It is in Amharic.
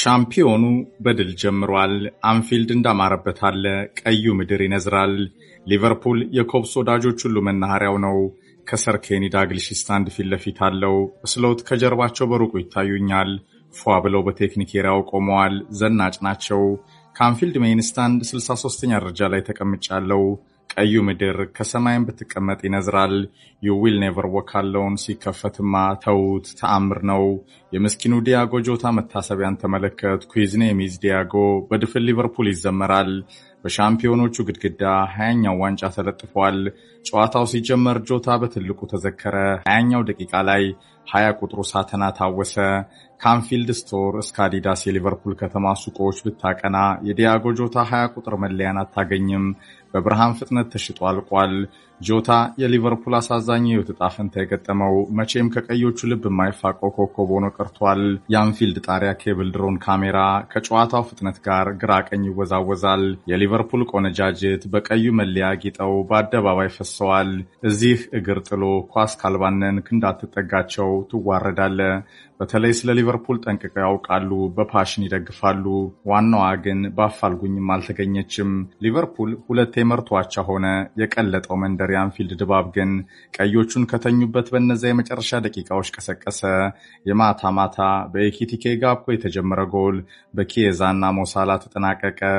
ሻምፒዮኑ በድል ጀምሯል። አንፊልድ እንዳማረበት አለ። ቀዩ ምድር ይነዝራል። ሊቨርፑል የኮብስ ወዳጆች ሁሉ መናኸሪያው ነው። ከሰር ኬኒ ዳግሊሽ ስታንድ ፊት ለፊት አለው። ስሎት ከጀርባቸው በሩቁ ይታዩኛል። ፏ ብለው በቴክኒክ ኤሪያው ቆመዋል። ዘናጭ ናቸው። ከአንፊልድ ሜይን ስታንድ 63ኛ ደረጃ ላይ ተቀምጫለው። ቀዩ ምድር ከሰማይም ብትቀመጥ ይነዝራል። ዩዊል ኔቨር ወካለውን ሲከፈትማ ተዉት፣ ተአምር ነው። የምስኪኑ ዲያጎ ጆታ መታሰቢያን ተመለከት ኩዝኔ ሚዝ ዲያጎ በድፍን ሊቨርፑል ይዘመራል። በሻምፒዮኖቹ ግድግዳ ሀያኛው ዋንጫ ተለጥፏል። ጨዋታው ሲጀመር ጆታ በትልቁ ተዘከረ። ሀያኛው ደቂቃ ላይ ሀያ ቁጥሩ ሳተና ታወሰ። ካንፊልድ ስቶር እስከ አዲዳስ የሊቨርፑል ከተማ ሱቆዎች ብታቀና የዲያጎ ጆታ ሀያ ቁጥር መለያን አታገኝም። በብርሃን ፍጥነት ተሽጦ አልቋል። ጆታ የሊቨርፑል አሳዛኝ የሕይወት ዕጣ ፈንታ የገጠመው መቼም ከቀዮቹ ልብ የማይፋቀው ኮከብ ሆኖ ቀርቷል። የአንፊልድ ጣሪያ ኬብል ድሮን ካሜራ ከጨዋታው ፍጥነት ጋር ግራ ቀኝ ይወዛወዛል። የሊቨርፑል ቆነጃጅት በቀዩ መለያ ጌጠው በአደባባይ ፈሰዋል። እዚህ እግር ጥሎ ኳስ ካልባነንክ እንዳትጠጋቸው ትዋረዳለ። በተለይ ስለ ሊቨርፑል ጠንቅቀው ያውቃሉ፣ በፓሽን ይደግፋሉ። ዋናዋ ግን በአፋልጉኝም አልተገኘችም። ሊቨርፑል ሁለቴ መርቶ ሆነ። የቀለጠው መንደር የአንፊልድ ድባብ ግን ቀዮቹን ከተኙበት በነዛ የመጨረሻ ደቂቃዎች ቀሰቀሰ። የማታ ማታ በኤኪቲኬ ጋብኮ የተጀመረ ጎል በኪየዛና ሞሳላ ተጠናቀቀ።